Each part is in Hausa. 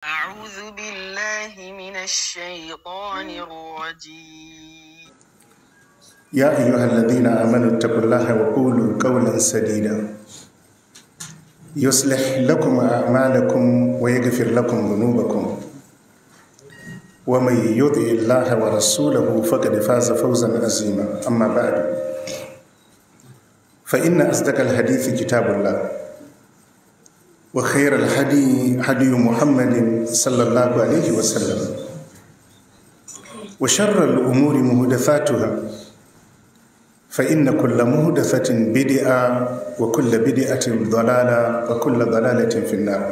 أعوذ بالله من الشيطان الرجيم يا أيها الذين آمنوا اتقوا الله وقولوا قولا سديدا يصلح لكم أعمالكم ويغفر لكم ذنوبكم ومن يطع الله ورسوله فقد فاز فوزا عظيما أما بعد فإن أصدق الحديث كتاب الله وخير الهدي هدي محمد صلى الله عليه وسلم وشر الأمور مهدفاتها فإن كل مهدفة بدعة وكل بدعة ضلالة وكل ضلالة في النار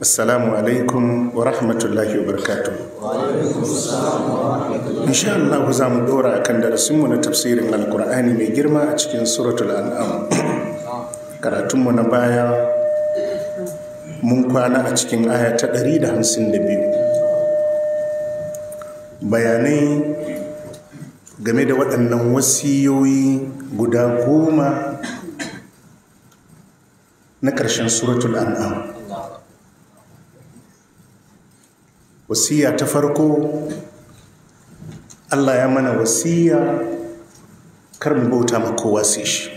السلام عليكم ورحمة الله وبركاته وعليكم السلام ورحمة الله إن شاء الله زام دورا كان درسمنا تفسير القرآن من جرما أتشكين سورة الأنعام karatunmu na baya mun kwana a cikin aya ta ɗari da da hamsin biyu. bayanai game da waɗannan wasiyoyi guda goma na ƙarshen suratul an'am wasiya ta farko allah ya mana wasiya kar mu bauta ma kowa sai shi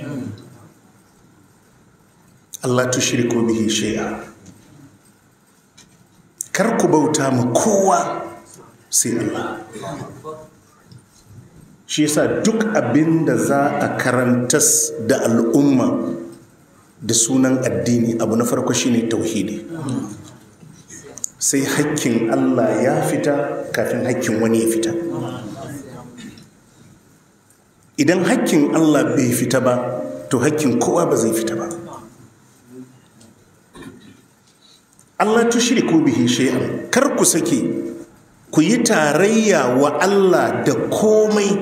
allah ko bihi shay'a kar ku bauta ma kowa sai Allah shi yasa duk abin da za a karantas da al'umma da sunan addini abu na farko shine tauhidi sai hakkin Allah ya fita kafin hakkin wani ya fita idan hakkin Allah bai fita ba to hakkin kowa ba zai fita Allah ko bihi shay'an kar ku sake ku yi tarayya wa Allah da komai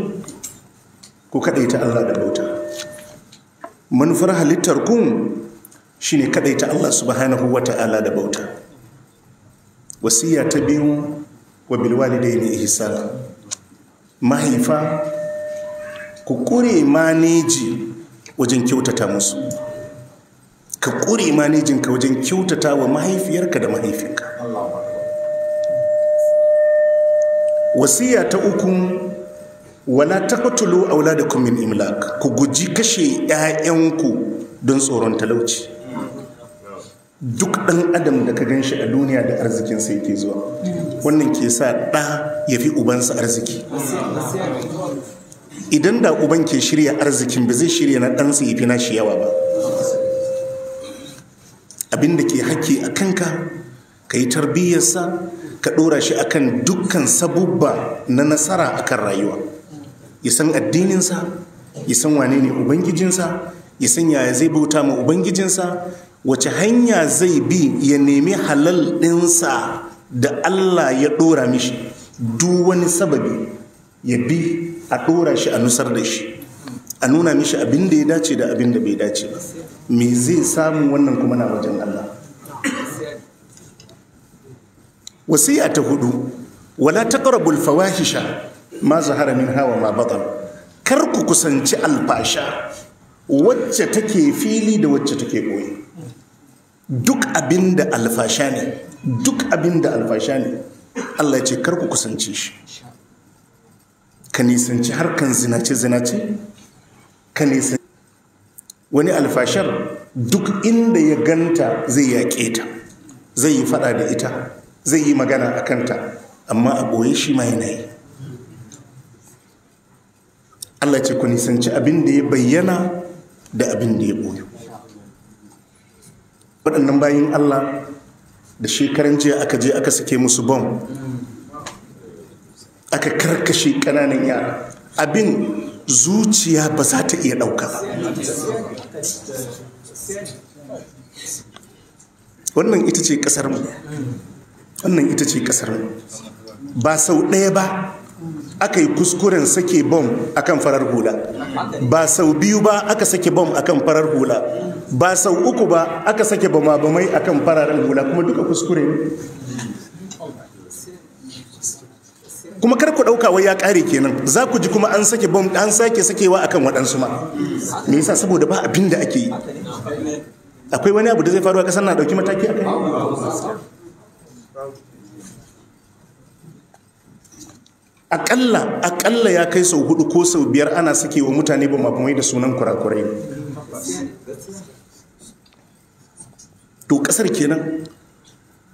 ku kadaita Allah da bauta manufar halittar kun shine kadaita Allah subhanahu wata'ala da bauta wasiya ta biyu wa bil walidaini ihsana mahaifa ku kure maneji wajen kyautata musu ka ƙure manejinka wajen kyautata wa mahaifiyarka da mahaifinka wasiya ta uku wala ta a wula da kumin imlak ku guji kashe 'ya'yanku don tsoron talauci duk ɗan adam da ka gan shi a duniya da arzikin sai ke zuwa wannan ke sa ɗa ya fi ubansa arziki idan da uban ke shirya arzikin ba zai shirya na ɗansa ya fi nashi yawa ba abin da ke haƙƙi a kanka ka yi tarbiyyarsa ka ɗora shi akan dukkan sabubba na nasara akan rayuwa ya san addininsa ya san wane ne ubangijinsa ya san yaya zai bauta ma ubangijinsa wace hanya zai bi ya nemi halal ɗinsa da allah ya ɗora mishi duk wani sababi ya bi a ɗora shi a nusar da shi a nuna mishi abin da ya dace da abin da bai dace ba me zai samu wannan kuma na wajen Allah wasiya ta hudu wala taqrabul fawahisha ma zahara min hawa ma batal kar ku kusanci alfasha wacce take fili da wacce take koyi duk abin da alfasha ne duk abin da alfasha ne Allah ce kar ku kusanci shi ka nisanci harkan zinace zinace kanisa wani alfashar duk inda ya ganta zai yaƙe ta zai yi fada da ita zai yi magana a kanta amma a ɓoye shi ma yana yi Allah ce ku nisanci abin da ya bayyana da abin da ya ɓoye waɗannan bayan Allah da shekaran jiya aka je aka sake musu bom aka karkashe ƙananan yara abin zuciya ba za ta iya ɗauka ba wannan ita ce mu wannan ita ce mu ba sau ɗaya ba aka yi kuskuren sake bom kan farar hula ba sau biyu ba aka sake bom kan farar hula ba sau uku ba aka sake bama-bamai a kan fararen hula kuma duka kuskure kuma kar ku ɗauka wai ya kare kenan za ku ji kuma an sake bom an sake sakewa akan waɗansu ma me yasa saboda ba abin da ake yi akwai wani abu da zai faru a kasar na ɗauki mataki akan akalla akalla ya kai sau hudu ko sau biyar ana sakewa mutane ba mai da sunan kurakurai to kasar kenan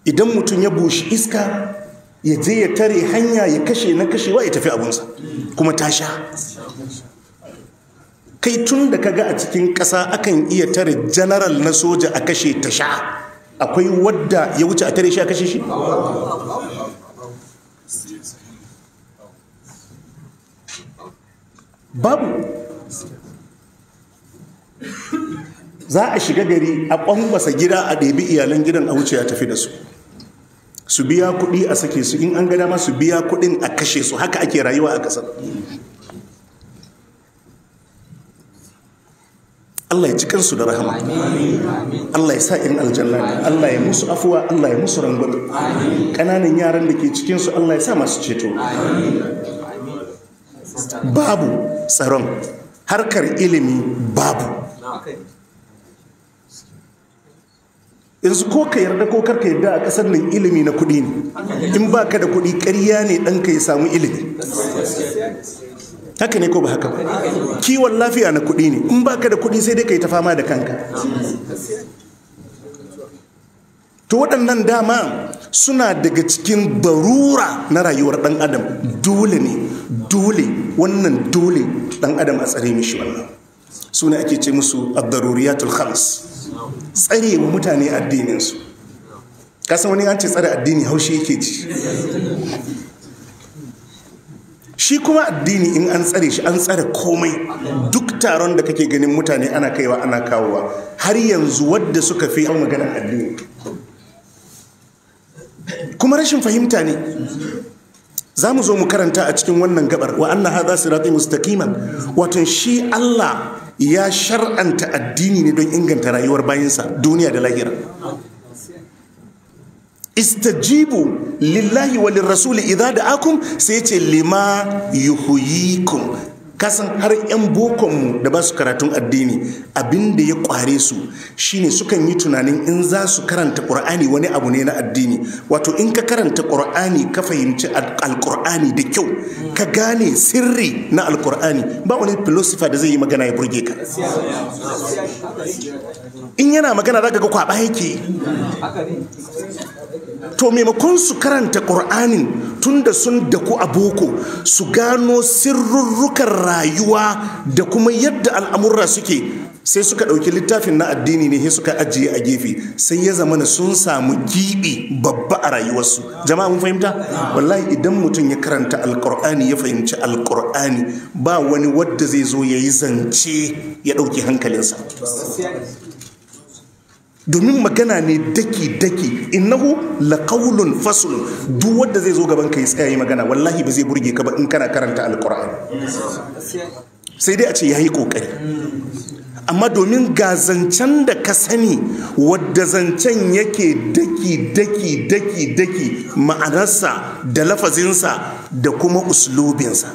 idan mutum ya bushi iska ya je ya tare hanya ya kashe na kashewa ya tafi abunsa kuma ta sha kai tun da ka ga a cikin ƙasa akan iya tare general na soja a kashe ta sha akwai wadda ya wuce a tare shi a kashe shi babu za a shiga gari a ƙwanƙwasa gida a ɗebi iyalan gidan a wuce ya tafi da su su biya kuɗi a sake su in an ga dama su biya kuɗin a kashe su haka ake rayuwa a ƙasar Allah ya cikin su da rahama Allah ya sa in aljanna Allah ya musu afuwa Allah ya musu rangwame ƙananan yaran da ke cikinsu Allah ya sa masu ceto babu tsaron harkar ilimi babu yanzu ko ka yarda ko karka yarda a kasar nan ilimi na kuɗi ne in ba ka da kuɗi ƙarya ne ɗanka ya samu ilimi haka ne ko ba haka ba kiwon lafiya na kuɗi ne in ba ka da kuɗi sai dai ka yi ta fama da kanka to waɗannan dama suna daga cikin barura na rayuwar ɗan adam dole ne dole wannan dole ɗan adam a tsare mishi wannan suna ake ce musu abdaruriyatul khams tsare wa mutane addininsu kasan wani an tsare addini haushi yake ci shi kuma addini in an tsare shi an tsare komai duk taron da kake ganin mutane ana kaiwa ana kawowa har yanzu wadda suka fi an maganar addini kuma rashin fahimta ne za mu zo mu karanta a cikin wannan gabar wa anna hadha sirati mustaqiman Watan shi Allah ya shar'anta addini ne don inganta rayuwar bayansa duniya da lahira istajibu lillahi wa lirrasuli da da'akum sai ce lima yuhyikum kasan har 'yan bokonmu da ba su karatun addini abin da ya kware su shine sukan yi tunanin in za su karanta ƙur'ani wani abu ne na addini wato in ka karanta ƙur'ani ka fahimci alƙur'ani da kyau ka gane sirri na alƙur'ani ba wani filosofa da zai yi magana ya burge ka in yana magana za ka ga kwaba yake to maimakon su karanta ƙur'anin da sun daku a boko su gano sirrurrukan rayuwa da kuma yadda al'amurra suke sai suka ɗauki littafin na addini ne sai suka ajiye a gefe sai ya zama na sun samu giɓi babba a rayuwarsu jama'a mun fahimta wallahi idan mutum ya karanta alƙur'ani ya fahimci alƙur'ani ba wani wadda zai zo ya yi zance ya ɗauki hankalinsa domin magana ne daki-daki innahu laqawlun fasul. duk wanda zai zo gaban kai tsaya yi magana wallahi ba zai burge ka ba in kana karanta alqur'ani sai dai a ce yayi kokari amma domin ga zancen da ka sani wadda zancen yake daki daki daki daki ma'anarsa da lafazinsa da kuma uslubinsa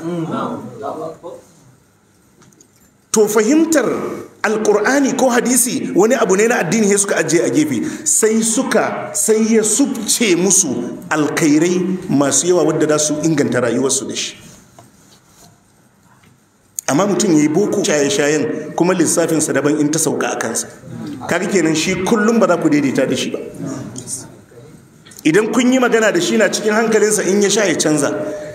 to fahimtar alkur'ani ko hadisi wani abu ne na addini ya suka ajiye a gefe sai suka sai ya subce musu alkairai masu yawa wadda za su inganta rayuwarsu da shi amma mutum ya yi boko shaye-shayen kuma lissafinsa daban in ta sauka a kansa kaga kenan shi kullum ba za ku daidaita da shi ba idan kun yi magana da shi na cikin hankalinsa in ya sha ya canza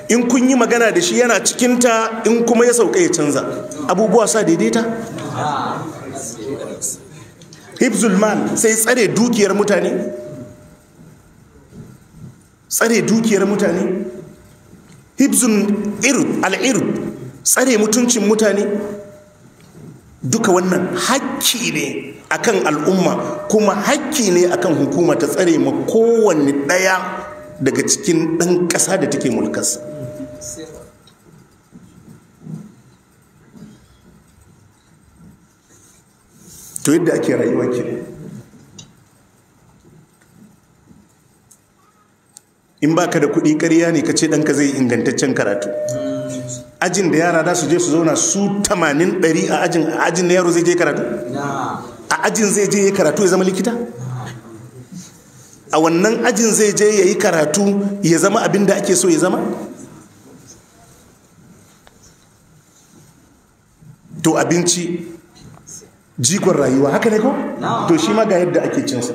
in kun yi magana da shi yana cikinta in kuma ya sauka ya canza abubuwa sa daidaita hibzul sai tsare dukiyar mutane tsare dukiyar mutane hibzun irb tsare mutuncin mutane duka wannan hakki ne akan al'umma kuma hakki ne akan hukuma ta tsare ma kowanne ɗaya daga cikin ɗan ƙasa da take mulkarsa to yadda ake rayuwa ke in ba ka da kuɗi ƙarya ne ka ce ɗanka zai ingantaccen karatu ajin da yara za su je su zauna su 80 ɗari a ajin a ajin na yaro zai je karatu a ajin zai je karatu ya zama likita a wannan ajin zai je ya yi karatu ya zama abin da ake so ya zama to abinci jikon rayuwa haka ne ko to shi ma ga yadda ake cinsa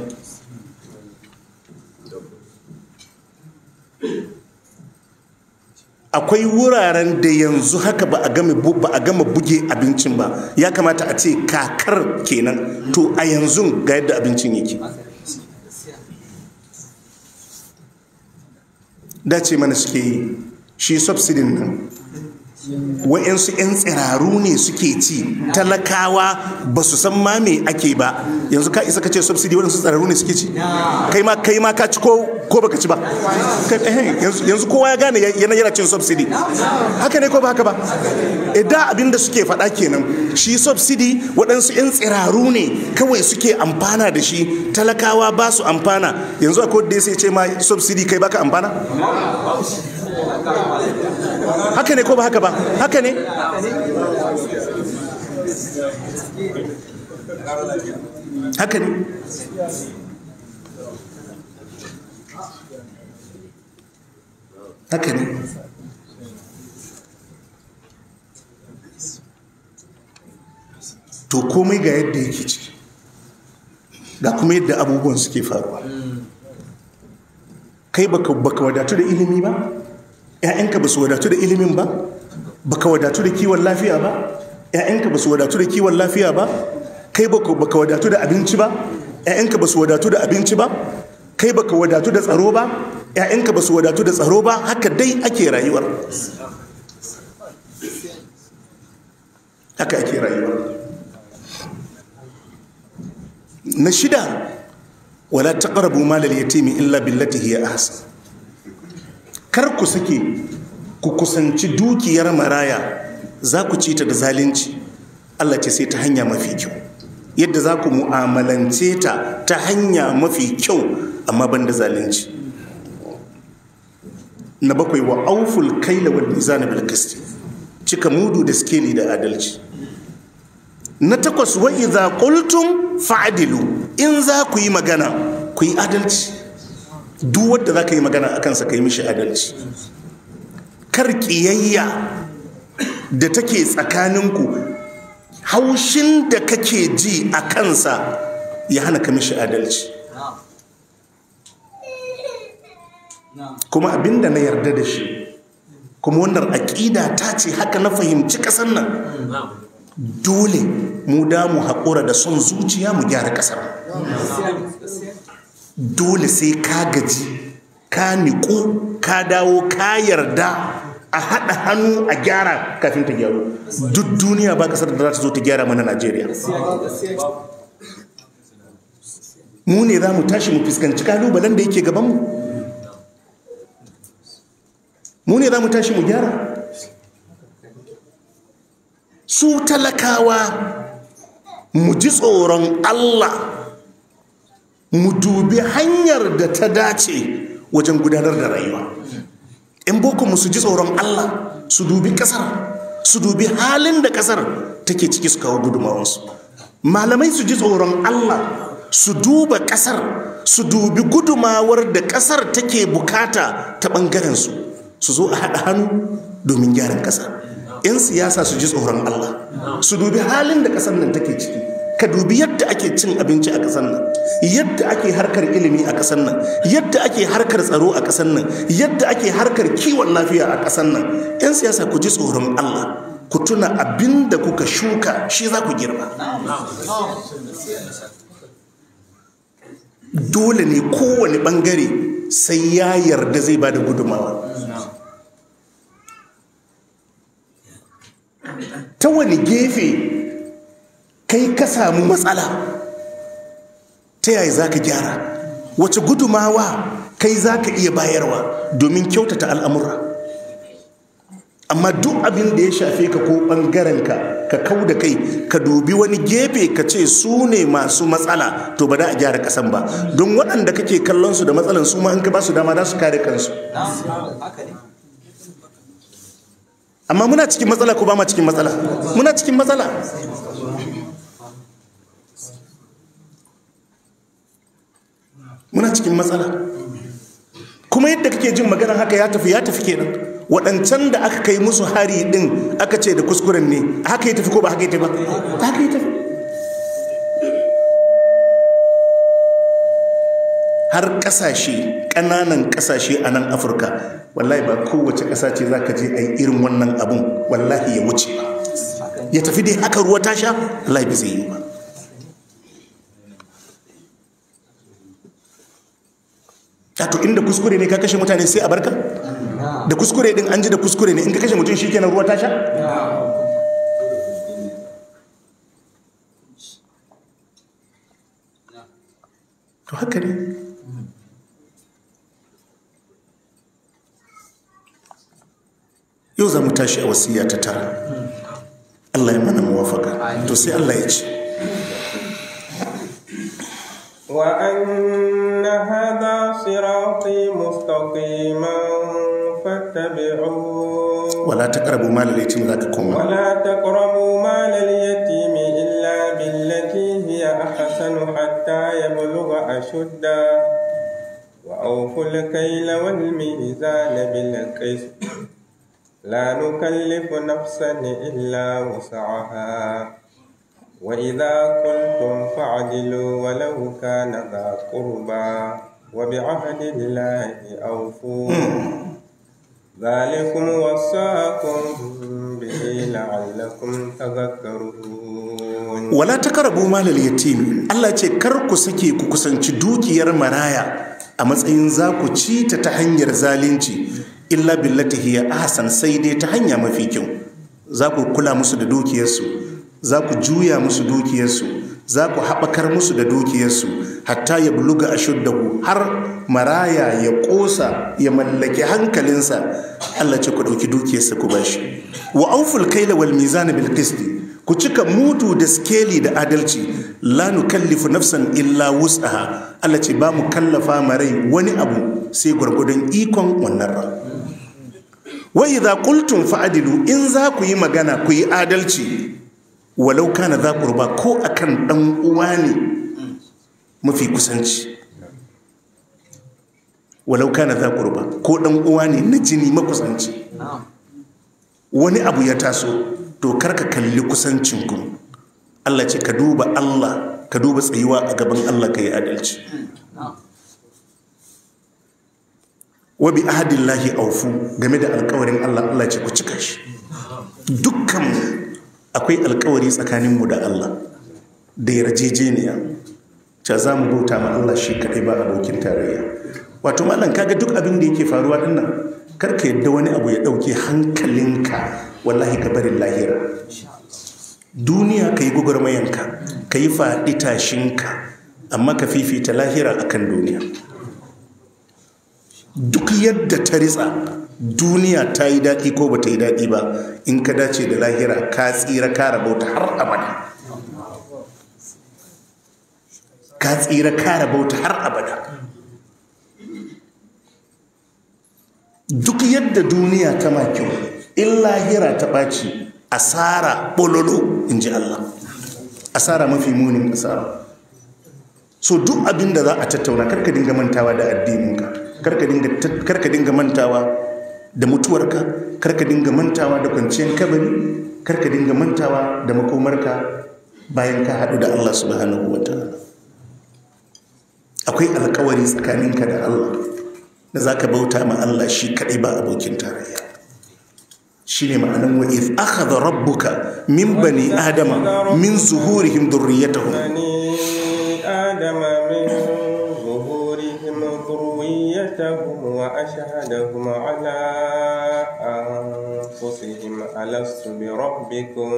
akwai wuraren da yanzu haka ba a gama buge abincin ba ya kamata a ce kakar kenan to a yanzu ga yadda abincin yake dace mana suke yi shi subsidin nan wa'yansu 'yan tsiraru ne suke ci talakawa ba su san ma me ake ba yanzu ka isa ka ce subsidi waɗansu tsiraru ne suke ci kai ma kai ma ka ci ko ko baka ci ba eh, yanzu kowa ya gane yana yana cin subsidi haka ne ko ba haka ba idan eh, abin da suke faɗa kenan shi subsidi waɗansu 'yan tsiraru ne kawai suke amfana da shi talakawa ba su amfana yanzu akwai da sai ce ma subsidi kai baka amfana haka ne ko ba haka ba haka ne haka ne haka ne to komai ga yadda yake ci da kuma yadda abubuwan suke faruwa kai baka wadatu da ilimi ba 'ya'yanka ba su wadatu da ilimin ba Ba ka wadatu da kiwon lafiya ba 'ya'yanka ba su wadatu da kiwon lafiya ba kai ba ka wadatu da abinci ba 'ya'yanka ba su wadatu da abinci ba kai ba ka wadatu da tsaro ba 'ya'yanka ba su wadatu da tsaro ba haka dai ake rayuwar haka ake rayuwar na shida wala taqrabu malal yatimi illa billati hiya ahsan kar ku suke ku kusanci dukiyar maraya za ku ci ta da zalunci Allah ce sai ta hanya mafi kyau yadda za ku mu'amalance ta ta hanya mafi kyau amma ban da zalunci na bakwai wa auful kaila wa mizana bil qisti cika mudu da skeli da adalci na takwas wa idza qultum fa'dilu in za ku yi magana ku yi adalci duk wanda za ka yi magana a kansa ka yi mishi adalci kar ƙiyayya da take tsakaninku haushin da kake ji a kansa ya hana ka mishi adalci kuma abinda na yarda da shi kuma wannan aƙida ta ce haka na fahimci ƙasar nan dole mu damu haƙura da son zuciya mu gyara ƙasar dole sai ka gaji ka niku, ka dawo ka yarda a haɗa hannu a gyara kafin ta gyaru duk duniya ba kasar da za ta zo ta gyara mana najeriya mu ne za mu tashi mu fuskanci kalubalen da yake gabanmu mu ne za mu tashi mu gyara su talakawa mu ji tsoron allah mu dubi hanyar da ta dace wajen gudanar da rayuwa in boko su ji tsoron allah su dubi kasar su dubi halin da kasar take ciki su kawo gudunmawarsu malamai su ji tsoron allah su duba kasar su dubi gudumawar da kasar take bukata ta ɓangarensu su zo a haɗa hannu domin gyaran kasar In siyasa su ji tsoron allah su dubi halin da kasar nan take ciki ka dubi yadda ake cin abinci a ƙasar nan yadda ake harkar ilimi a ƙasar nan yadda ake harkar tsaro a ƙasar nan yadda ake harkar kiwon lafiya a ƙasar nan 'yan siyasa ku ji tsoron allah ku tuna abin da kuka shuka shi za ku girma dole ne kowane ɓangare sai ya yarda zai ba da gudumawa ta wani gefe kai ka samu matsala ta yaya za ka gyara wace gudumawa kai za ka iya bayarwa domin kyautata al'amura amma duk abin da ya shafe ka ko ɓangarenka ka kau da kai ka dubi wani gefe ka ce su ne masu matsala to ba da a gyara kasan ba don waɗanda kake kallonsu da matsalan su ma an ka ba su dama za su kare kansu amma muna cikin matsala ko ba ma cikin matsala muna cikin matsala muna cikin matsala kuma yadda kake jin magana haka ya tafi ya tafi kenan waɗancan da aka kai musu hari ɗin aka ce da kuskuren ne haka ya tafi ko ba haka ya tafi ba haka ya tafi har ƙasashe ƙananan ƙasashe a nan afirka wallahi ba kowace ƙasa ce za ka je a yi irin wannan abun wallahi ya wuce ya tafi dai haka ruwa ta sha wallahi bai zai yi ba to inda kuskure ne ka kashe mutane sai a barka da kuskure din an ji da kuskure ne in ka kashe mutum shi kenan ruwa ta sha to haka ne yau za mu tashi a wasiya ta tara Allah ya mana muwafaka to sai Allah ya ce وأن هذا صراطي مستقيما فاتبعوه ولا تقربوا مال اليتيم ذاك كما ولا تقربوا مال اليتيم إلا بالتي هي أحسن حتى يبلغ أشده وأوفوا الكيل والميزان بالقسط لا نكلف نفسا إلا وسعها وإذا كنتم فعدلوا ولو كان ذا قربى وبعهد الله أوفوا ذلكم وصاكم به لعلكم تذكرون ولا تقربوا مال اليتيم الله ce kar ku sake ku kusanci dukiyar maraya a matsayin za ku ci ta ta hanyar zalunci illa billati hiya ahsan sai dai ta hanya mafi kyau za ku kula musu da dukiyarsu za ku juya musu dukiyarsu za ku haɓakar musu da dukiyarsu hatta ya buluga a ku har maraya ya ƙosa ya mallaki hankalinsa Allah ce ku ɗauki dukiyarsa ku ba shi wa auful kaila wal mizana bil ku cika mutu da skeli da adalci la nukallifu nafsan illa wus'aha Allah ce ba mu kallafa marai wani abu sai gwargwadon ikon wannan ra wa idza qultum fa'adilu in za ku yi magana ku yi adalci walau kana za ƙurba ko kan ɗan uwa ne mafi kusanci walau kana za ƙurba ko ɗan uwa ne na jini makusanci wani abu ya taso to karka kalli kusancinku Allah ce ka duba Allah ka duba tsayuwa a gaban Allah ka yi adalci wa bi lahi aufu game da alkawarin Allah Allah ce ku cika shi dukkan akwai alkawari tsakaninmu da Allah da yarjejeniya ca za mu bauta ma Allah shi kaɗai ba abokin tarayya wato malam kaga duk abin da yake faruwa din nan kar ka yadda wani abu ya ɗauke hankalinka wallahi ka barin lahira duniya ka yi gwagwarmayanka ka yi faɗi tashinka amma ka fifita lahira akan duniya duk yadda ta ritsa duniya ta yi daɗi ko ba ta yi daɗi ba in ka dace da lahira ka tsira ka rabo ta har abada ka tsira ka rabo ta har abada duk yadda duniya ta kyau in lahira ta ɓaci asara ɓololo in ji Allah asara mafi munin asara so duk abin da za a tattauna karka dinga mantawa da addininka karka dinga mantawa da mutuwarka karka dinga mantawa da kwanciyar kabari karka dinga mantawa da makomarka bayan ka haɗu da Allah subhanahu wa ta'ala akwai alkawari tsakaninka da Allah da za ka bauta ma Allah shi kaɗai ba abokin tarayya shi ne ma'anin if aka da rabbuka min bani adama min zuhurihim durriyatahum adama وأشهدهم على أنفسهم ألست بربكم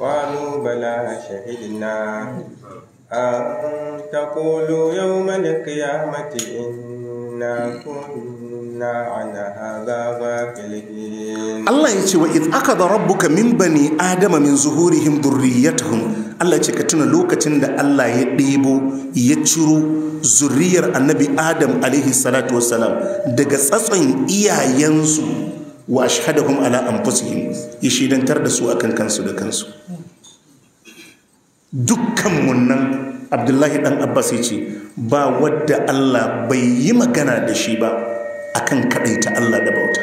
قالوا بلى شهدنا أن تقولوا يوم القيامة إنا كنا عن هذا غافلين الله يتي وإذ أخذ ربك من بني آدم من ظهورهم ذريتهم Allah ce ka tuna lokacin da Allah ya ɗebo ya ciro zuriyar annabi Adam alaihi salatu wassalam daga tsatson iyayensu wa ashhadahum ala anfusihim ya shidantar da su akan kansu da kansu dukkan munnan Abdullahi ɗan Abbas ya ce ba wadda Allah bai yi magana da shi ba akan kaɗaita Allah da bauta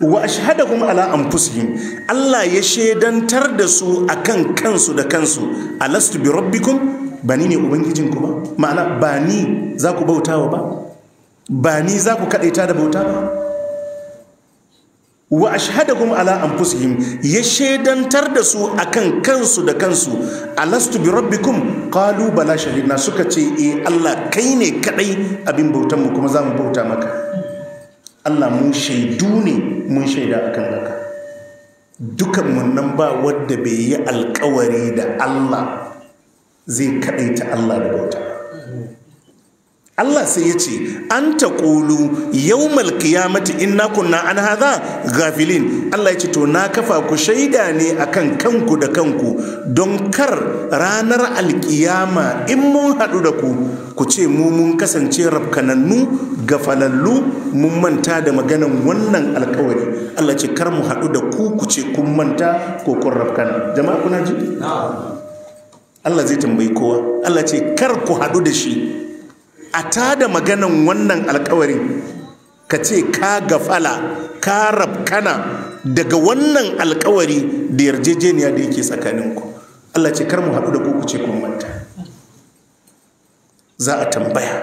wa ashhadahum ala anfusihim Allah ya shaidantar da su akan kansu da kansu alastu bi rabbikum ba ni ne ku ba ma'ana ba ni za ku bautawa ba ba ni za ku kadaita da bauta ba wa ashhadahum ala anfusihim ya shaidantar da su akan kansu da kansu alastu bi rabbikum qalu bala shahidna suka ce eh Allah kai ne kadai abin bautanmu kuma za mu bauta maka Allah mun shaidu ne mun shaida a kan haka dukan nan ba wadda bai yi alkawari da Allah zai kaɗaita Allah da bauta Allah sai ya ce an ta ƙulu yau malkiyamati na kunna an haza gafilin Allah ya ce to na kafa ku shaida ne akan kanku da kanku don kar ranar alkiyama in mun haɗu da ku ku ce mu mun kasance rafkanannu gafalallu mun manta da maganan wannan alkawari Allah ce kar mu haɗu da ku ku ce kun manta ko kun rafkana jama'a kuna ji? Allah zai tambayi kowa Allah ce kar ku haɗu da shi a da maganan wannan alkawarin ka ce ka gafala ka rabkana daga wannan alkawari da yarjejeniya da yake tsakaninku Allah ce kar mu haɗu da ku ce kun manta za a tambaya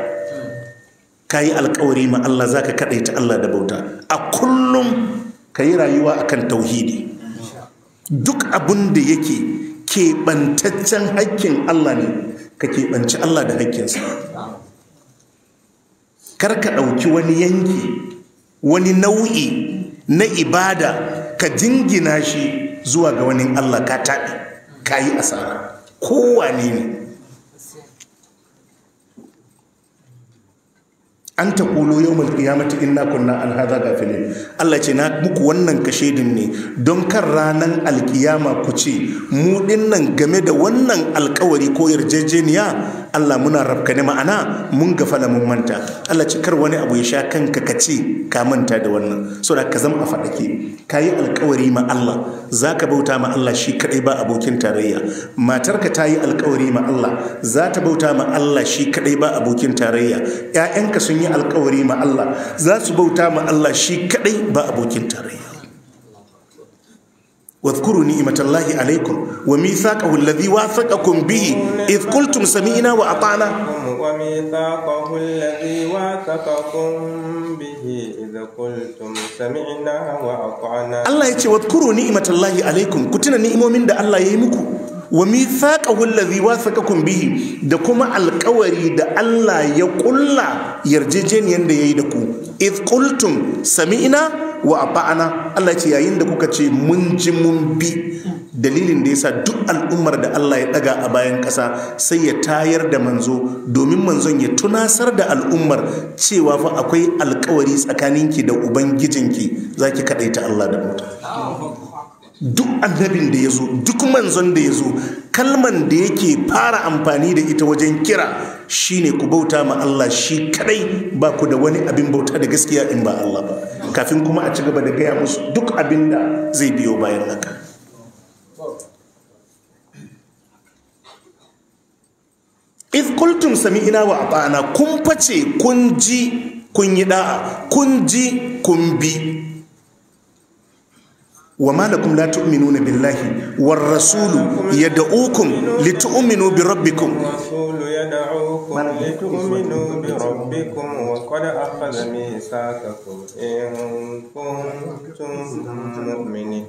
ka yi alkawari ma Allah za ka ta Allah da bauta a kullum ka yi rayuwa a akan tauhidi duk abin da yake keɓantaccen hakkin Allah ne ka keɓanci Allah da hakkinsa kar ka ɗauki wani yanki wani nau'i na ibada ka jingina shi zuwa ga wani Allah ka taɓi ka yi asara kowane ne an ta kolo yau mal in na kunna an ga fili Allah ce na muku wannan kashedin ne don kan ranar alkiyama ku ce mu dinnan game da wannan alkawari ko yarjejeniya Allah muna rafka ne ma'ana mun gafala mun manta Allah ce kar wani abu ya sha kanka ka ce ka manta da wannan saboda ka zama a fadake ka yi alkawari ma Allah za ka bauta ma Allah shi kadai ba abokin tarayya matarka ta yi alkawari ma Allah za ta bauta ma Allah shi kadai ba abokin tarayya 'ya'yanka sun yi alkawari ma Allah za su bauta ma Allah shi kadai ba abokin tarayya واذكروا نعمة الله عليكم وميثاقه الذي واثقكم به إذ قلتم سمعنا وأطعنا وميثاقه الذي واثقكم به إذ قلتم سمعنا وأطعنا الله يتي واذكروا نعمة الله عليكم كتنا نعمة من الله يمكم wa mithaqahul ladhi wathaqakum bihi da kuma alƙawari da Allah ya ƙulla Yarjejeniyan da yayi da ku id qultum sami'na wa ata'na Allah ce yayin da kuka ce mun ji mun bi dalilin da yasa duk al'ummar da Allah ya daga a bayan ƙasa sai ya tayar da manzo domin manzon ya tunasar da al'ummar cewa fa akwai alƙawari tsakaninki da ubangijinki zaki kadaita Allah da mutum duk annabin da ya zo duk manzon da ya zo kalman da yake fara amfani da ita wajen kira shine ku bauta ma Allah shi kadai ba ku da wani abin bauta da gaskiya in ba Allah ba kafin kuma a ci gaba da gaya musu duk abin da zai biyo bayan haka if kultum sami ina wa abana kun face kun ji kun yi da'a kun ji kun bi wa malakum la tu'minuna billahi war rasulu yad'ukum litu'minu bi rabbikum لتؤمنوا بربكم وقد أخذ ميثاقكم إن كنتم مؤمنين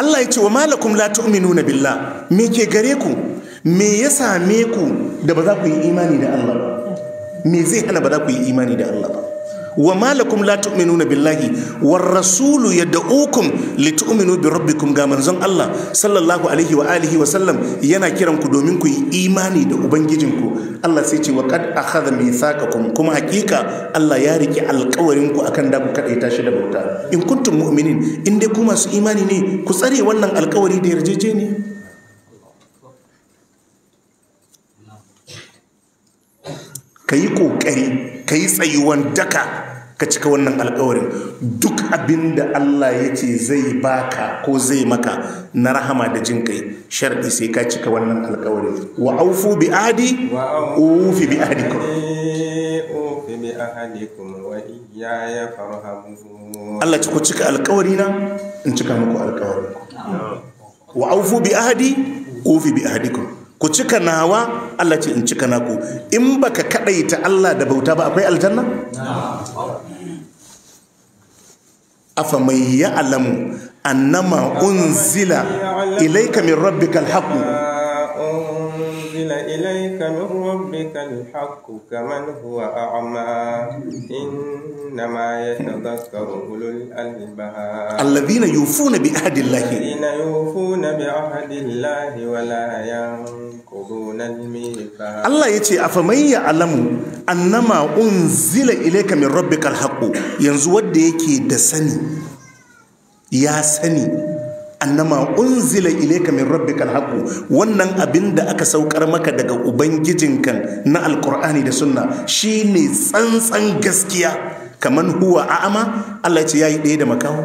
الله يتي وما لكم لا تؤمنون بالله me ke gare ku me ya same ku da ba za ku yi imani da Allah ba me zai hana ba za ku yi imani da Allah ba wa malakum la tu'minuna billahi war rasulu yad'ukum litu'minu bi rabbikum ga manzon Allah sallallahu alaihi wa alihi wa sallam yana kiran ku domin ku yi imani da ubangijinku Allah sai ce wa qad akhadha mithaqakum kuma hakika Allah ya riki alƙawarin ku akan da ku kadaita shi da bauta in kuntum mu'minin in dai ku masu imani ne ku tsare wannan alƙawari da yarjejeniya ka yi ƙoƙari ka yi tsayuwan daka ka cika wannan alkawarin duk abin da Allah ya ce zai baka ko zai maka na rahama da jin kai sharɗi sai ka cika wannan alkawarin wa aufu bi adi ufi bi ufi bi ahadikum wa Allah ci ku cika alkawari na in cika muku alkawarin ku wa aufu bi adi ufi bi ahadikum ku cika nawa Allah ce in cika naku in baka kadaita Allah da bauta ba akwai aljanna afa mai ya'lamu annama unzila ilayka min rabbikal haqq إليك من ربك الحق كمن هو أعمى إنما يتذكر أولو الألباب الذين يوفون بعهد الله الذين يوفون بعهد الله ولا ينقضون الميثاق الله يتي أفمن يعلم أنما أنزل إليك من ربك الحق ينزو ود دسني يا سني annama unzila ilayka min rabbikal haqq wannan abin da aka saukar maka daga ubangijinka na alqur'ani da sunna shine tsantsan gaskiya kaman huwa a'ama Allah ya ce yayi daya da makaho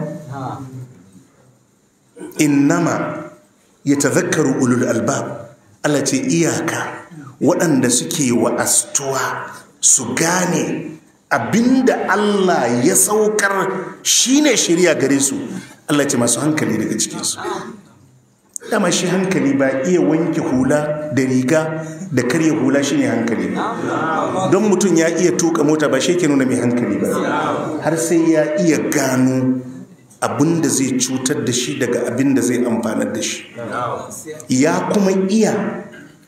innama yatadhakkaru ulul albab Allah ce iyaka waɗanda suke wa astuwa su gane abinda Allah ya saukar shine shirya gare su Allah ce masu hankali daga cikinsu dama shi hankali ba iya wanke hula da riga da karya hula shi ne hankali don mutum ya iya tuka mota ba shi ke nuna mai hankali ba har sai ya iya gano abin da zai cutar da shi daga abin da zai amfanar da shi ya kuma iya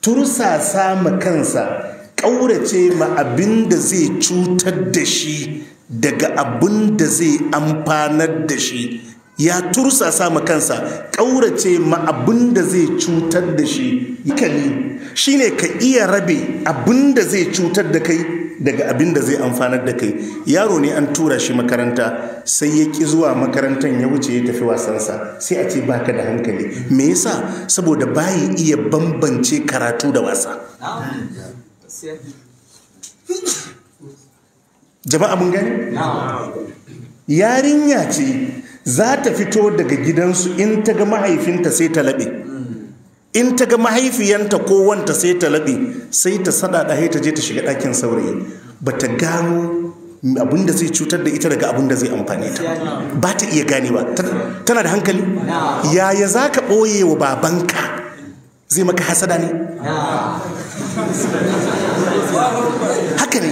tursa ma kansa ƙaurace ma abin da zai cutar da shi daga abin da zai amfanar da shi ya tursa sama kansa ƙaurace ma abin da zai cutar da shi kani shine ka iya rabe abin da zai cutar da kai daga abin da zai amfanar da kai yaro ne an tura shi makaranta sai ya ki zuwa makarantar ya wuce ya tafi wasansa sai a ce baka da hankali me yasa saboda bayi iya bambance karatu da wasa jama'a mun gani yarinya ce za ta fito daga gidansu in ta ga mahaifinta sai ta laɓe in ta ga mahaifiyanta ko wanta sai ta laɓe sai ta ɗaya ta je ta shiga ɗakin saurayi ba ta gano abin da zai cutar da ita daga abin da zai amfani ta ba ta iya gane ba tana da hankali yaya za ka ɓoye wa babanka zai maka hasada ne haka ne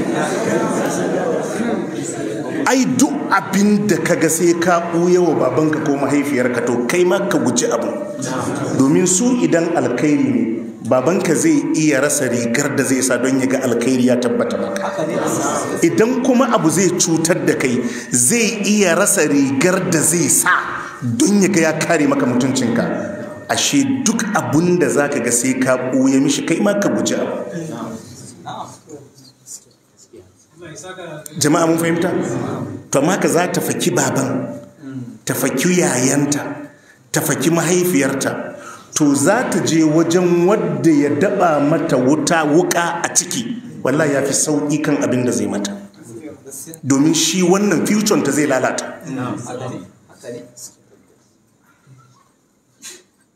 ai duk abin da ka ga sai ka ɓuya wa babanka ko mahaifiyarka to kai ma ka guji abu domin su idan alkhairi ne babanka zai iya rasa rigar da zai sa don yaga ga alkhairi ya tabbata maka idan kuma abu zai cutar da kai zai iya rasa rigar da zai sa don yaga ya kare maka mutuncinka ashe duk abun da za ka ga sai ka ɓuya mishi kai ma ka guji abu jama'a mun fahimta to amma ka za ta faki baban ta faki yayanta ta faki mahaifiyarta to za ta je wajen wadda ya daba mata wuta wuka a ciki wallahi ya fi sauƙi kan abin da zai mata domin shi wannan future ta zai lalata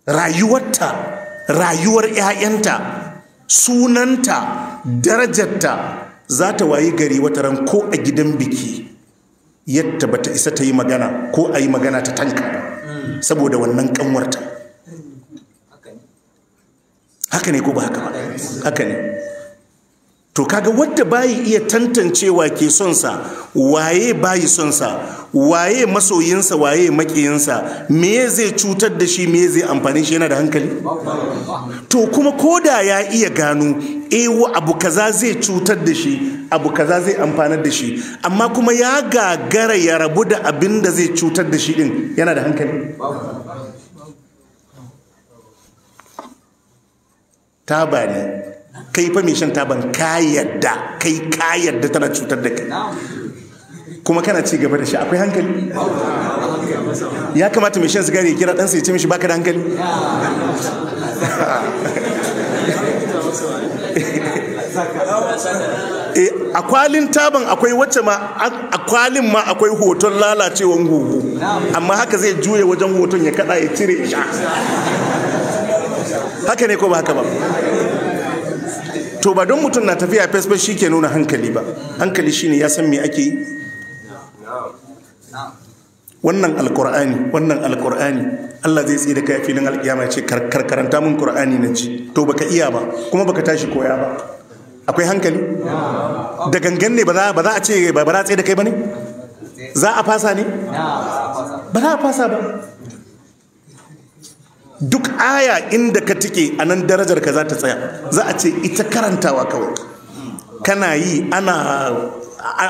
rayuwarta rayuwar 'ya'yanta sunanta darajarta za ta wayi gari wata ran ko a gidan biki yadda bata isa ta yi magana ko a yi magana ta tanka saboda wannan kanwarta haka ne ko ba haka ba haka ne to kaga wadda bayi iya tantancewa ke sonsa, waye bayi sonsa waye masoyinsa waye makiyinsa me zai cutar da shi me zai amfani shi yana da hankali to kuma koda ya iya gano eh abu kaza zai cutar da shi abu kaza zai amfanar da shi amma kuma ya gagara ya rabu da abin da zai cutar da shi din yana da hankali ta bani kai fa mai shan taban ka yadda kai ka yadda tana cutar da kai kuma kana ci gaba da shi akwai hankali ya kamata mai shan sigari ya kira ɗansa ya ce mishi baka da hankali eh, a kwalin taban akwai wacce ma a kwalin ma akwai hoton lalacewan gugu amma haka zai juya wajen hoton ya kada ya cire haka ne ko ba haka ba to ba don mutum na tafiya fesfes shi ke nuna hankali ba hankali shi ne ya san me ake yi wannan alkur'ani wannan alkur'ani Allah zai tsira kai filin alkiyama ce karkaranta mun kur'ani na ci to baka iya ba kuma baka tashi koya ba akwai hankali da gangan ne ba za a ce ba za a tsaye da kai ba ne za a fasa ne ba za a fasa ba duk aya inda ka tike a nan darajar ka za ta tsaya za a ce ita karantawa kawai kana yi ana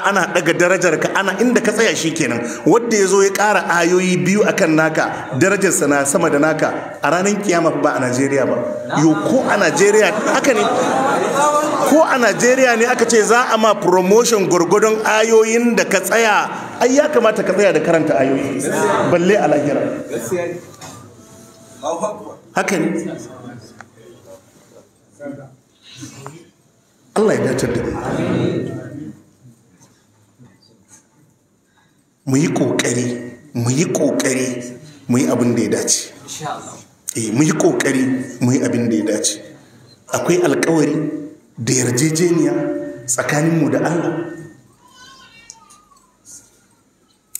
ana daga darajar ka ana inda ka tsaya shi kenan wanda ya zo ya ƙara ayoyi biyu akan naka darajarsa na sama da naka a ranar kiyama ba a najeriya ba yo ko a najeriya haka ne ko a najeriya ne aka ce za a ma promotion gwargwadon ayoyin da ka tsaya ai ya kamata ka tsaya da karanta ayoyi balle a lahira haka ne Allah ya dace da mu yi ƙoƙari mu yi ƙoƙari mu yi abin da ya dace eh mu yi ƙoƙari mu yi abin da ya dace akwai alkawari da yarjejeniya tsakaninmu da Allah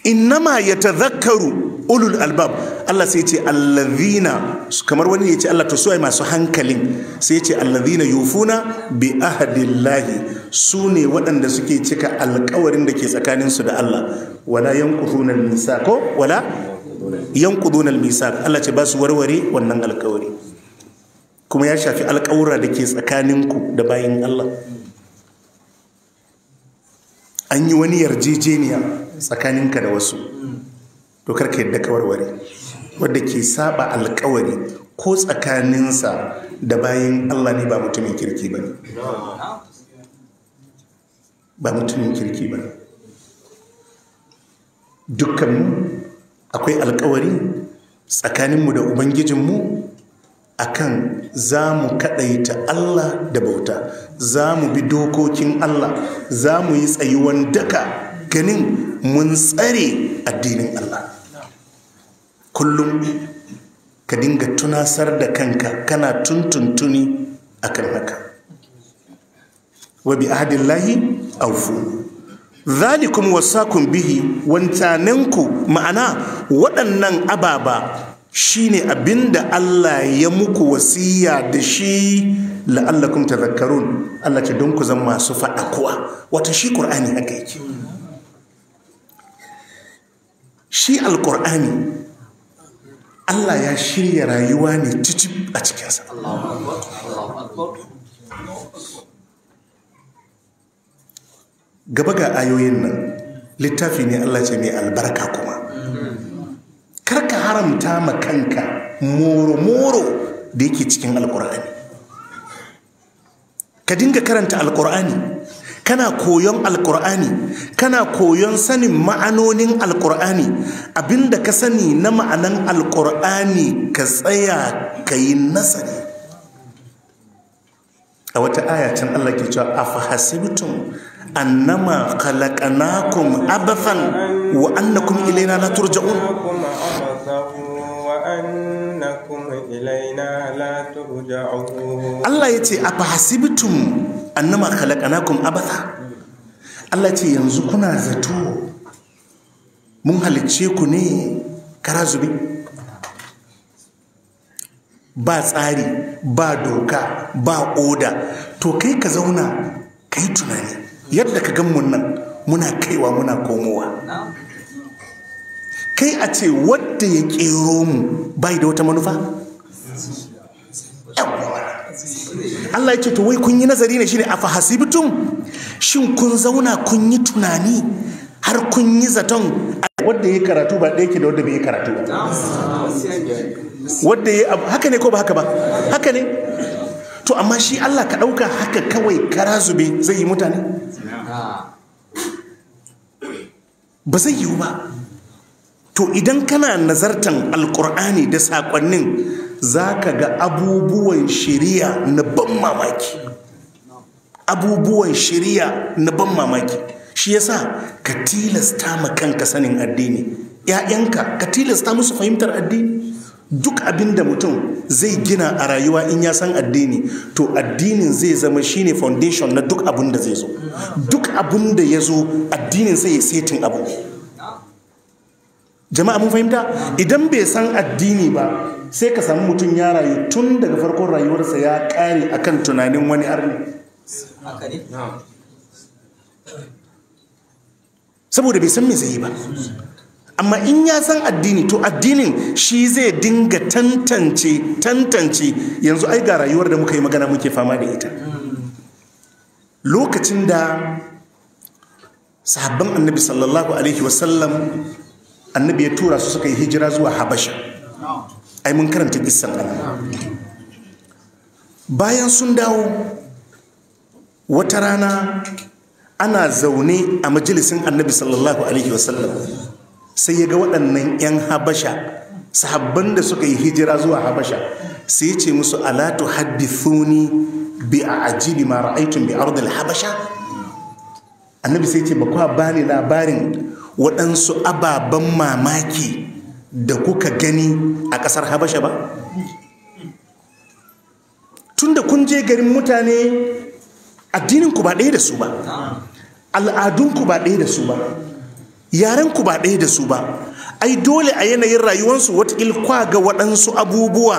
innama ya tazakkaru ulul albab Allah sai ce allazina kamar wani ya ce Allah to suwaye masu hankalin sai ce allazina yufuna bi ahadillahi su ne waɗanda suke cika alkawarin da ke tsakaninsu da Allah wala yanquduna al-misaq wala yanquduna al-misaq Allah ce ba su warware wannan alkawari kuma ya shafi alkawura da ke tsakaninku da bayan Allah an yi wani yarjejeniya tsakaninka da wasu to karka yadda kawarware wadda ke saba alkawari ko tsakaninsa da bayan allah ne ba mutumin kirki ba ba mutumin kirki ba dukkanmu akwai alkawari tsakaninmu da ubangijinmu akan za mu kaɗaita Allah da bauta za mu bi dokokin Allah za mu yi tsayuwan daka ganin mun tsare addinin Allah kullum ka dinga tunasar da kanka kana tuntuntuni akan haka wabi bi aufu zalikum wasakun bihi wancanenku ma'ana waɗannan ababa shine abinda Allah ya muku wasiya da shi la'allakum tazakkarun Allah ce don ku zama masu faɗa kuwa wata shi Qur'ani haka yake shi alqur'ani Allah ya shirya rayuwa ne titi a cikinsa gaba ga ayoyin nan littafi ne Allah ce mai albarka kuma Kar ka haramta ma kanka moro-moro da yake cikin alkur'ani ka dinga karanta alkur'ani kana koyon alkur'ani kana koyon sanin ma'anonin alkur'ani abinda ka sani na ma'anan alkur'ani ka tsaya ka yi nasari a wata ayatan Allah ke cewa afahasibtum annama khalaqnakum abathan wa annakum ilaina la turja'un Allah ya ce a fahasibtum annama khalaqnakum abatha Allah ce yanzu kuna zato mun halicce ku ne kara zube ba tsari ba doka ba oda to kai ka zauna kai tunani yadda ka gan mun nan muna kaiwa muna komowa kai a ce wadda ya kero mu bai da wata manufa Allah ya ce to wai kun yi nazari ne shine afa hasibtum shin kun zauna kun yi tunani har kun yi zaton wadda ya karatu ba ɗaya ke da wadda bai yi karatu wadda ya haka ne ko ba haka ba haka ne to amma shi Allah ka ɗauka haka kawai kara zube zai yi mutane ba zai yiwu ba to idan kana nazartan alkur'ani da saƙonnin za ka ga abubuwan shiriya na ban mamaki abubuwan shiriya na ban mamaki shi yasa ka tilasta ma kanka sanin addini ‘ya'yanka ka tilasta musu fahimtar addini duk abin da mutum zai gina a rayuwa in ya san addini to addinin zai zama shine foundation na duk abin da zai zo duk abin da ya zo addinin sai ya setin abu jama'a mun fahimta idan bai san addini ba sai ka samu mutum ya rayu tun daga farkon rayuwarsa ya kare akan tunanin wani arni saboda bai san me zai yi ba amma in ya san addini to addinin shi zai dinga tantance tantance yanzu ai ga rayuwar da muka yi magana muke fama da ita lokacin da sahabban annabi sallallahu alaihi wasallam annabi ya tura su suka yi hijira zuwa habasha ai mun karanta kissan ana bayan sun dawo wata rana ana zaune a majalisin annabi sallallahu alaihi wasallam sai ya ga waɗannan 'yan habasha sahabban da suka yi hijira zuwa habasha sai ya ce musu alatu haddithuni bi a ajibi ma aitun bi ardil habasha annabi sai ce ba bani labarin waɗansu ababen mamaki da kuka gani a ƙasar habasha ba tunda kun je garin mutane addininku ba ɗaya da su ba al'adunku ba ɗaya da su ba yarenku ba ɗaya da su ba ai dole a yanayin rayuwarsu wata kwa ga waɗansu abubuwa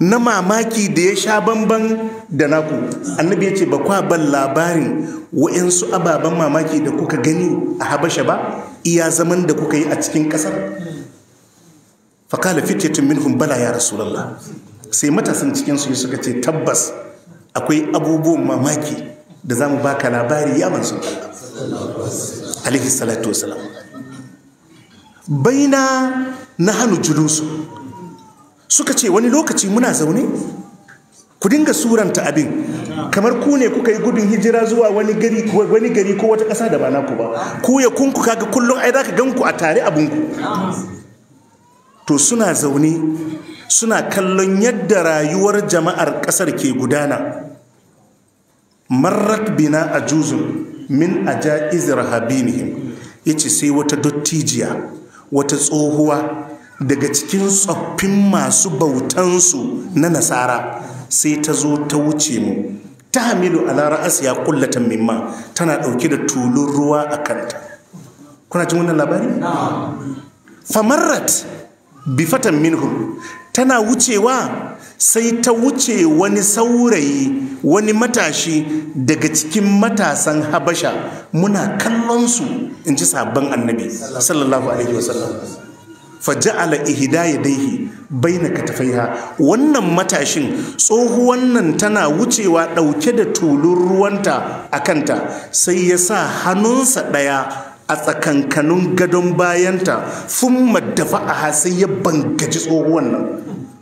na mamaki da ya sha bamban da naku annabi ya ce ba kwa ban labarin wa'insu ababen mamaki da kuka gani a habasha ba iya zaman da kuka yi a cikin kasar fakala tun minhum bala ya lalla. sai matasan cikin su suka ce tabbas akwai abubuwan mamaki da za mu baka labari ya manzo alaihi salatu wasalam baina hannu julusu suka ce wani lokaci muna zaune ku dinga suranta abin kamar ku ne kuka yi gudun hijira zuwa wani gari wani gari ko wata ƙasa da ba naku ba ku ya kunku kaga kullum ai zaka ganku a tare abun ku to suna zaune suna kallon yadda rayuwar jama'ar ƙasar ke gudana marrat bina ajuzun min ajaiz rahabinihim yace sai wata dottijiya wata tsohuwa daga cikin tsoffin masu bautansu na nasara sai ta zo ta wuce mu ta hamilu ala ra'asiya kullatan mimma tana ɗauke da tulun ruwa a kanta kuna jin wannan labari famarrat bifatan minhum tana wucewa sai ta wuce wani saurayi wani matashi daga cikin matasan habasha muna kallon su in ji sabon annabi sallallahu alaihi wasallam faja'ala na baina katafaiha wannan matashin tsohuwan nan tana wucewa ɗauke da tulun ruwanta a kanta sai ya sa hannunsa ɗaya a tsakankanin gadon bayanta Fun dafa a sai ya bangaji tsohuwan nan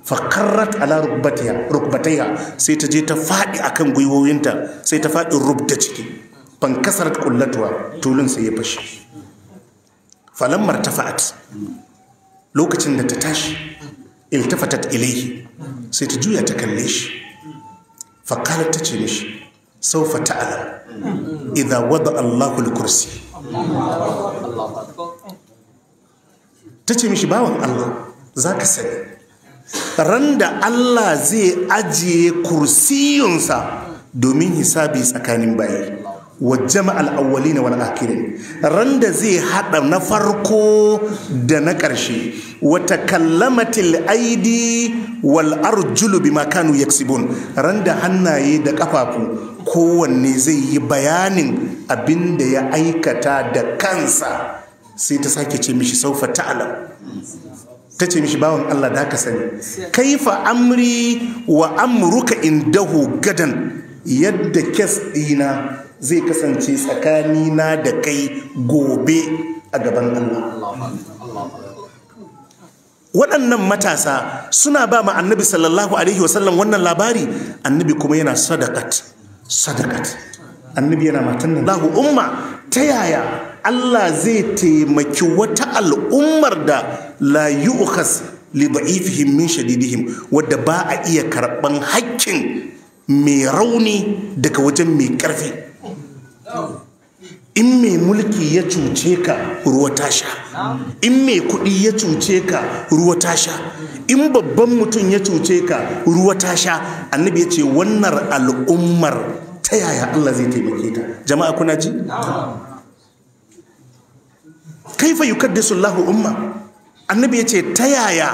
fakarrat ala rukbataiha sai ta je ta faɗi akan gwiwoyinta sai ta faɗi rubda ciki bankasarar kullatuwa tulun sai ya fashe Falammar ta fa'at lokacin da ta tashi iltafatat ilaihi sai ta juya ta kalle shi faqalat ta ce mishi fa ta'ala idza wada Allahu al-kursi ta ce mishi bawan Allah zaka sani ran da Allah zai ajiye kursiyunsa domin hisabi tsakanin bayi wa jama'al na wani akhirin ran da zai haɗa na farko da na ƙarshe wata kallamatil aidi wal arjulu bi kanu yaksibun ran da hannaye da ƙafafu, kowanne zai yi bayanin abin da ya aikata da kansa sai ta sake ce mishi saufa ta'alam ta ce mishi bawan Allah da ka sani kaifa amri wa amruka indahu gadan yadda kes dina zai kasance tsakanina da kai gobe a gaban Allah waɗannan matasa suna ba ma annabi sallallahu alaihi wasallam wannan labari annabi kuma yana sadakat sadakat annabi yana matan nan lahu umma ta yaya Allah zai taimaki wata al'ummar da la yu'khas li da'ifihim min shadidihim wadda ba a iya karɓan haƙƙin mai rauni daga wajen mai ƙarfi in mai mulki ya cuce ka ruwa ta sha in mai kuɗi ya cuce ka ruwa ta sha in babban mutum ya cuce ka ruwa ta sha annabi ya ce wannan al'ummar ta yaya Allah zai taimake ta jama'a kuna ji kaifa yukaddisu Allahu umma annabi ya ce ta yaya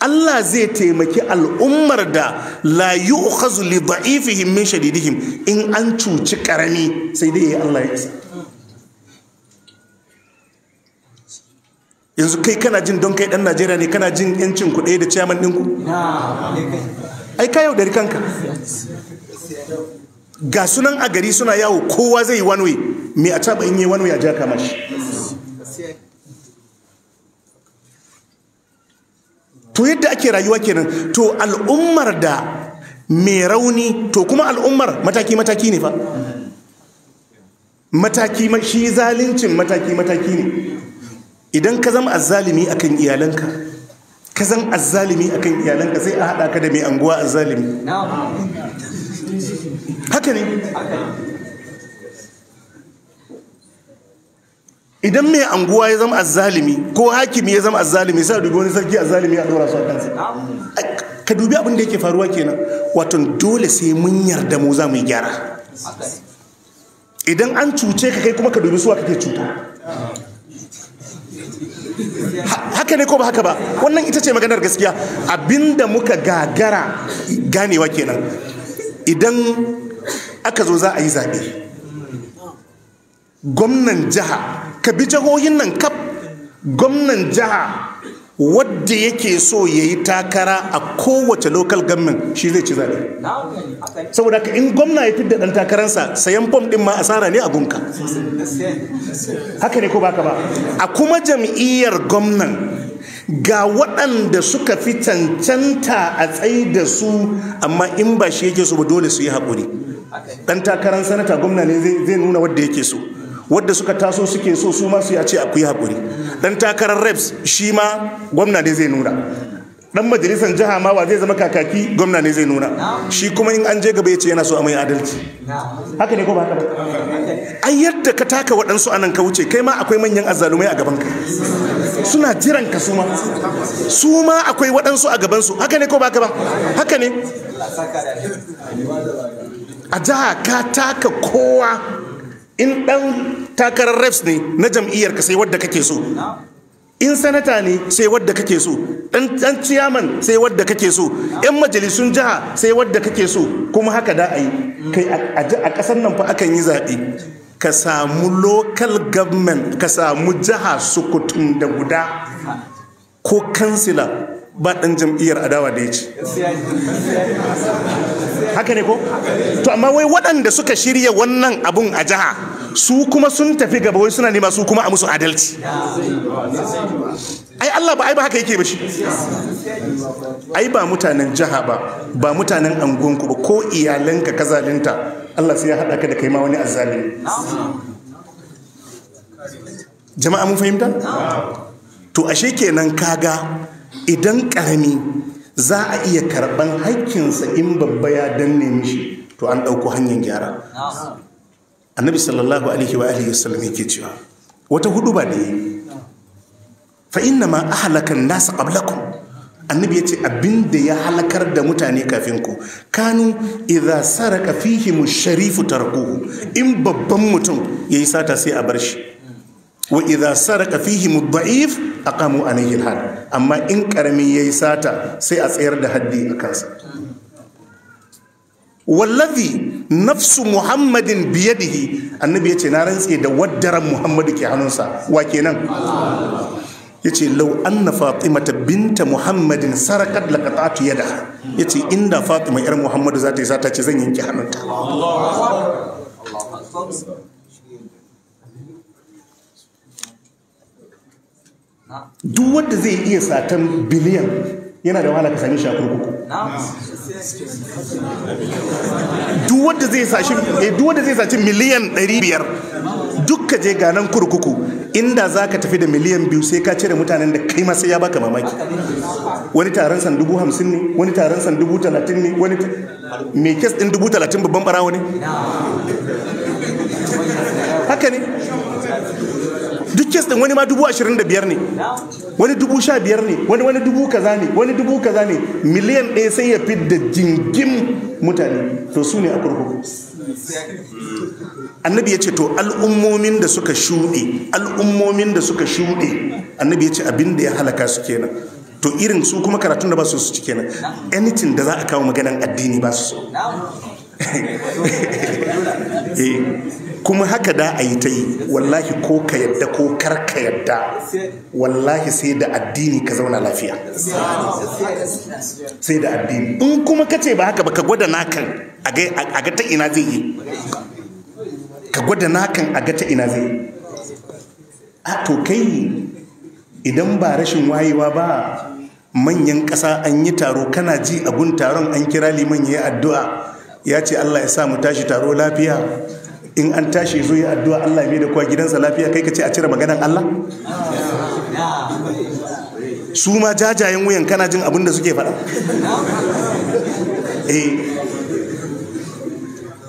Allah zai taimaki al'ummar da layu yu'khazu li da'ifihim min shadidihim in an cuci ƙarami. sai dai Allah ya isa yanzu kai kana jin don kai dan Najeriya ne kana jin yancin ku da ciyaman ɗinku? ai ka yaudari kanka ga sunan a gari suna yawo kowa zai yi one mai me a taɓa in yi one a ja kama shi ake rayuwa kenan to al'ummar da mai rauni to kuma al'ummar mataki-mataki ne fa mataki shi zalincin mataki-mataki ne idan ka zama azzalimi akan iyalanka ka zan azzalimi akan iyalanka sai a haɗa ka da mai anguwa azzalimi haka ne idan mai anguwa ya zama azalimi ko hakimi ya zama azalimi sai dubi wani sarki azalimi a dora su a kansa ka dubi abin da yake faruwa kenan wato dole sai mun yarda mu za mu yi gyara idan an cuce ka kai kuma ka dubi suwa kake cuto. haka ne ko ba haka ba wannan ita ce maganar gaskiya abinda muka gagara ganewa kenan idan aka zo za a yi zaɓe gwamnan jiha ka bi jihohin nan kaf gwamnan jiha wadda yake so ya yi takara a kowace lokal government shi zai ci zaɓe saboda ka in gwamna ya fidda ɗan takararsa sayan fom ɗin ma asara ne a gunka haka ne ko baka ba a kuma jam'iyyar gwamnan ga waɗanda suka fi cancanta a tsayi da su amma in ba shi yake so ba dole su yi haƙuri ɗan takarar sanata gwamna ne zai nuna wadda yake so wadda suka taso suke so su masu ya ce akwai haƙuri dan takarar reps shi ma gwamna ne zai nuna dan majalisar jiha ma wa zai zama kakaki gwamna ne zai nuna shi kuma in an je gaba ya ce yana so a mai adalci haka ne ko ba haka ba A yadda ka taka waɗansu anan ka wuce kai ma akwai manyan azzalumai a gaban ka suna jiran ka su ma su ma akwai waɗansu a gaban su haka ne ko ba haka ba haka ne a jiha ka taka kowa in ɗan takarar reps ne na jam'iyyar ka sai wadda kake so in sanata ne sai wadda kake so dan ciyaman sai wadda kake so yan majalisun jiha sai wadda kake so kuma haka da a yi kai a ƙasar nan fa akan yi zaɓe ka samu local government ka samu jiha sukutun da guda ko kansila ba ɗan jam'iyyar adawa da ya ce haka ne ko to amma wai waɗanda suka shirya wannan abun a jiha su kuma sun tafi gaba wai suna nema su kuma a musu adalci ai Allah ba ai ba haka yake ba shi ai ba mutanen jiha ba ba mutanen angonku ba ko iyalanka ka zalunta Allah sai ya haɗa ka da kai ma wani azali. jama'a mun fahimta to ashe kenan kaga idan karami za a iya karɓan haƙƙinsa in babba ya danne mishi to an ɗauko hanyar gyara annabi sallallahu alaihi wa alihi wasallam yake cewa wata hudu ba da yi fa inna ma ahlakan nas qablakum annabi yace abin da ya halakar da mutane kafin ku kanu idza saraka fihi musharifu tarquhu in babban mutum yayi sata sai a bar shi wa idza saraka fihi mudha'if aqamu alayhi alhad amma in karami yayi sata sai a tsayar da haddi a kansa wallazi nafsu muhammadin biyadihi annabi yace na rantse da waddaran muhammadu ke hannunsa wa kenan yace law anna fatimata binta muhammadin sarakat laqata'tu yadaha yace inda fatima yar muhammadu za ta yi sata ce zan yanke hannunta duk wanda zai iya satan biliyan yana da wahala ka sami shi a kurkuku duk wanda zai sashi eh duk wanda zai sashi miliyan 500 duk ka je ganan kurkuku inda za ka tafi da miliyan biyu sai ka cire mutanen da kai sai ya baka mamaki wani taron san dubu hamsin ne wani taron san dubu talatin ne wani mai kes din dubu talatin babban barawo ne haka ne duk kes din wani ma dubu ashirin da biyar ne wani dubu sha biyar ne wani wani dubu kaza ne wani dubu kaza ne miliyan ɗaya sai ya fidda jingim mutane to su ne a kurkuku annabi ya ce to al'ummomin da suka shuɗe al'ummomin da suka shuɗe annabi ya ce abin da ya halaka su kenan to irin su kuma karatun da ba su su ci kenan anything da za a kawo maganan addini ba su so eh. kuma haka da a yi ta yi wallahi ko ka yadda ko kar ka yadda wallahi sai da addini ka zauna lafiya sai da addini in kuma ka ce ba haka ba ka gwada nakan a ga ta ina zai yi ka gwada nakan a ga ta ina zai yi a to kai idan ba rashin wayewa ba manyan ƙasa an yi taro kana ji abun taron an kira liman ya yi addu'a ya ce Allah ya sa mu tashi taro lafiya in an tashi zo yi addu'a Allah ya da kowa gidansa lafiya kai ka ce a cire maganan Allah su ma jajayen wuyan kana jin abin da suke faɗa eh.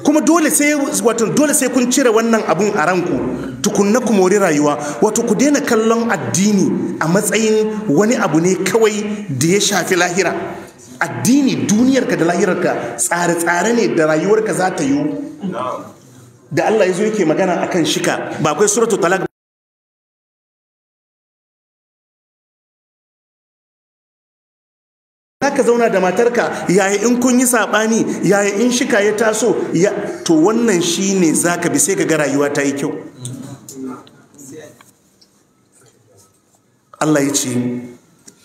kuma dole sai wato dole sai kun cire wannan abun a ranku tukunna ku mori rayuwa wato ku daina kallon addini a matsayin wani abu ne kawai da ya shafi lahira addini duniyarka da lahirarka tsare-tsare ne da rayuwarka za ta yi da Allah ya zo yake magana akan shika ba akwai suratu talaq ka zauna da matarka yaya in kun yi saɓani yaya in shika ya taso to wannan shine ne bi sai ka ga rayuwa ta yi kyau Allah ya ce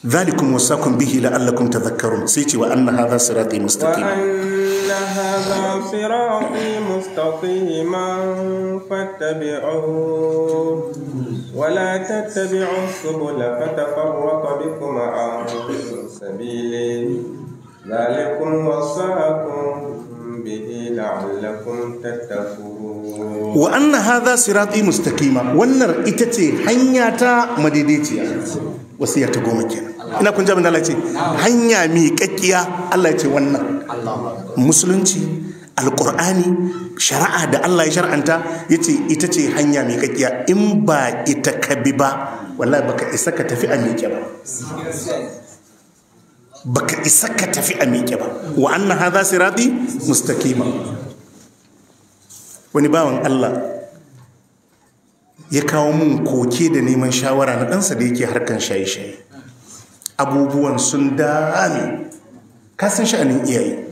bihi la'allakum tadhakkarun sai ce wa anna hadha sirati mustaqim هذا صراطي مستقيما فاتبعوه ولا تتبعوا السبل فتفرق بكم عن سبيله ذلكم وصاكم به لعلكم تتقون وأن هذا صراطي مستقيما وأن رأيتتي حنياتا مديديتي وسيتقوم كنا ina kun jami da Allah ce hanya miƙaƙƙiya Allah ce wannan musulunci alkur'ani shari'a da Allah ya shar'anta ya ce ita ce hanya miƙaƙƙiya in ba ita ka ba wallahi baka isa ka tafi a miƙe ba baka isa ka tafi a miƙe ba wa na haza sirati mustaqima wani bawan Allah ya kawo mun koke da neman shawara na ɗansa da yake harkan shaye-shaye abubuwan sun dame kasan sha'anin iyaye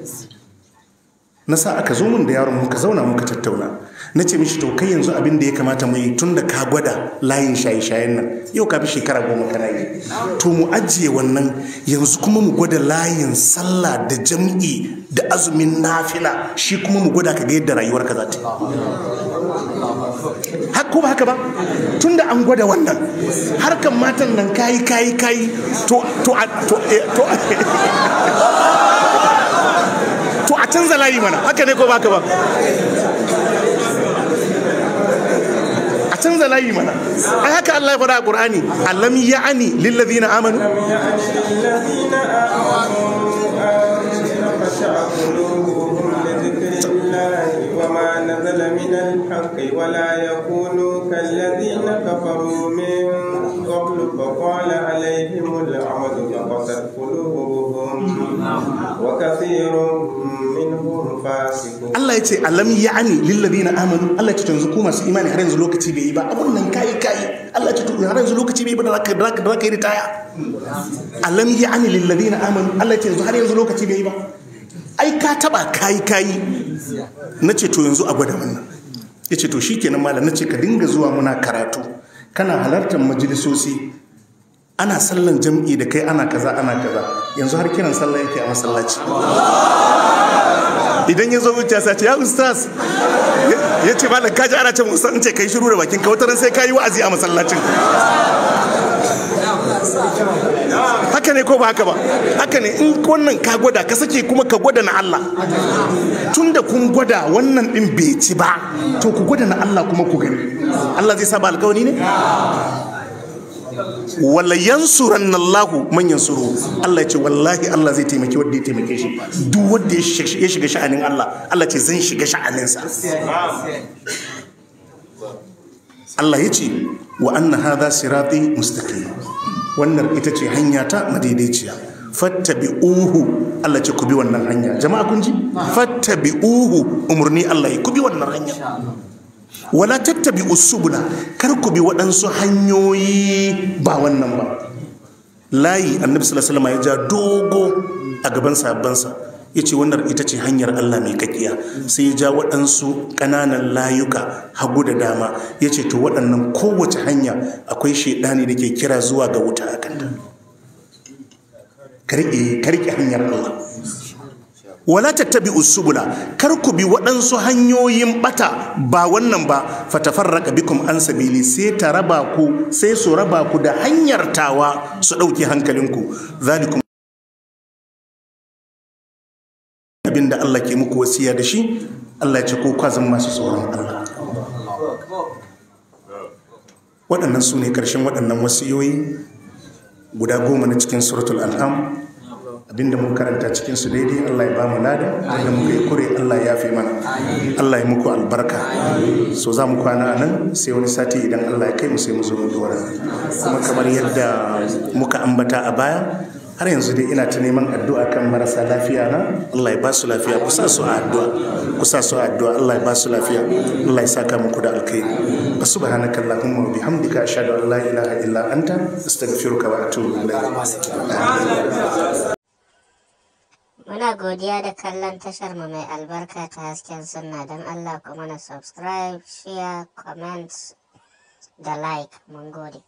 na sa aka zo mun da yaron muka zauna muka tattauna na ce mishi to kai yanzu abin da ya kamata mu yi tun da ka gwada layin shaye-shayen nan yau ka bi shekara goma kana yi to mu ajiye wannan yanzu kuma mu gwada layin sallah da jam'i da azumin nafila shi kuma mu gwada ka ga yadda rayuwar ka za ta ko ba haka ba tun da an gwada wannan harkan matan nan kayi kayi kayi to to to eh, to to a canza layi mana haka ne ko ba haka ba canza layi mana ai haka Allah ya faɗa a Qur'ani alam ya'ani lil ladina amanu وما نزل من الحق ولا يكونوا كالذين كفروا من قبل فقال عليهم العمد فقست قلوبهم وكثير Allah ya ce alam ya'ani lilladina amanu Allah ya ce yanzu ku masu imani har yanzu lokaci bai yi ba abun nan kai kai Allah ya ce har yanzu lokaci bai yi ba da zaka da zaka yi ritaya alam ya'ani lilladina amanu Allah ya ce yanzu har yanzu lokaci bai yi ba ai ka taba kai kai na ce to yanzu a gwada wannan ya ce to shikenan malam na ce ka dinga zuwa muna karatu kana halartar majalisosi ana sallan jam'i da kai ana kaza ana kaza yanzu har kiran sallah yake a masallaci idan ya zo wuce sai ce ya ustaz ya ce malam kaji ana ce musan ce kai shiru da bakin ka wataran sai kayi wa'azi a masallacin haka ne ko ba haka ba haka ne in wannan ka gwada ka sake kuma ka gwada na Allah tun da kun gwada wannan din bai ci ba to ku gwada na Allah kuma ku gani Allah zai saba ba alƙawari ne wala yansuran Allahu man yansuru Allah ce wallahi Allah zai taimaki wanda ya taimake shi duk wanda ya shiga sha'anin Allah Allah ce zan shiga sha'anin sa Allah ya ce wa anna hadha sirati mustaqim wannan ita ce hanya ta madaidaiciya fattabi'uhu Allah ce ku bi wannan hanya jama'a kun ji fattabi'uhu umurni Allah ya ku bi wannan hanya wala tattabi usubula kar ku bi waɗansu hanyoyi ba wannan ba layi annabi sallallahu alaihi ya ja dogo a gaban sabansa ya ce wannan ita ce hanyar Allah mai kakiya sai ya ja waɗansu ƙananan layuka hagu da dama ya ce to waɗannan kowace hanya akwai shaidani da ke kira zuwa ga wuta a kanta karke hanyar Allah wala tattabi usubula, kar ku bi waɗansu hanyoyin bata ba wannan ba fatafarraka bikum an sabili sai ta raba ku sai su raba ku da hanyar tawa su ɗauki hankalinku zalikum abin da Allah ke muku wasiya da shi Allah ya ce ko kwazan masu tsoron Allah waɗannan su ne ƙarshen waɗannan wasiyoyi guda goma na cikin suratul al'am abinda mun karanta cikin su daidai Allah ya bamu lada da muka yi kure Allah ya fi mana Allah ya muku albarka so za mu kwana a nan sai wani sati idan Allah ya kai mu sai mu zo duwara kuma kamar yadda muka ambata a baya har yanzu dai ina ta neman addu'a kan marasa lafiya na Allah ya ba su lafiya kusa su a addu'a kusa su a addu'a Allah ya ba su lafiya Allah ya saka muku da alkhairi subhanaka allahumma wa bihamdika ashhadu an la ilaha illa anta astaghfiruka wa atubu ilayk Muna godiya da kallon tashar mu mai albarka ta hasken sunna don Allah kuma na subscribe, share, comment da like. Mun gode.